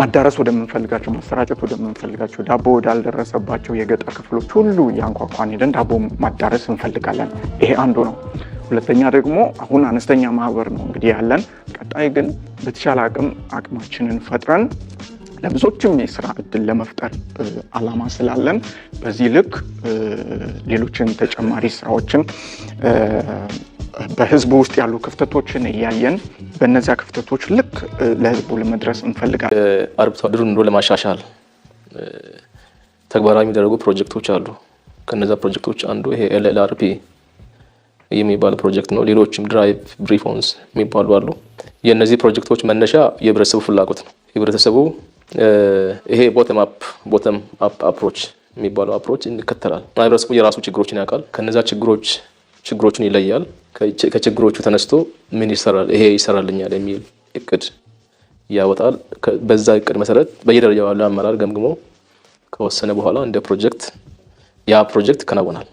ማዳረስ ወደምንፈልጋቸው ማሰራጨት ወደምንፈልጋቸው ዳቦ ወዳልደረሰባቸው የገጠር ክፍሎች ሁሉ ያንኳኳን ሄደን ዳቦ ማዳረስ እንፈልጋለን። ይሄ አንዱ ነው። ሁለተኛ ደግሞ አሁን አነስተኛ ማህበር ነው እንግዲህ ያለን። ቀጣይ ግን በተሻለ አቅም አቅማችንን ፈጥረን ለብዙዎችም የስራ እድል ለመፍጠር አላማ ስላለን በዚህ ልክ ሌሎችን ተጨማሪ ስራዎችን በህዝቡ ውስጥ ያሉ ክፍተቶችን እያየን በእነዚያ ክፍተቶች ልክ ለህዝቡ ለመድረስ እንፈልጋለን። አርብቶ አደሩን ኑሮ ለማሻሻል ተግባራዊ የሚደረጉ ፕሮጀክቶች አሉ። ከነዚ ፕሮጀክቶች አንዱ ይሄ ኤልኤልአርፒ የሚባል ፕሮጀክት ነው። ሌሎችም ድራይቭ ብሪፎንስ የሚባሉ አሉ። የእነዚህ ፕሮጀክቶች መነሻ የህብረተሰቡ ፍላጎት ነው። ህብረተሰቡ ይሄ ቦተም አፕ ቦተም አፕ አፕሮች የሚባለው አፕሮች ይከተላል። ማህበረሰቡ የራሱ ችግሮችን ያውቃል። ከነዚ ችግሮች ችግሮችን ይለያል። ከችግሮቹ ተነስቶ ምን ይሰራል፣ ይሄ ይሰራልኛል የሚል እቅድ ያወጣል። በዛ እቅድ መሰረት በየደረጃው ያለው አመራር ገምግሞ ከወሰነ በኋላ እንደ ፕሮጀክት ያ ፕሮጀክት ይከናወናል።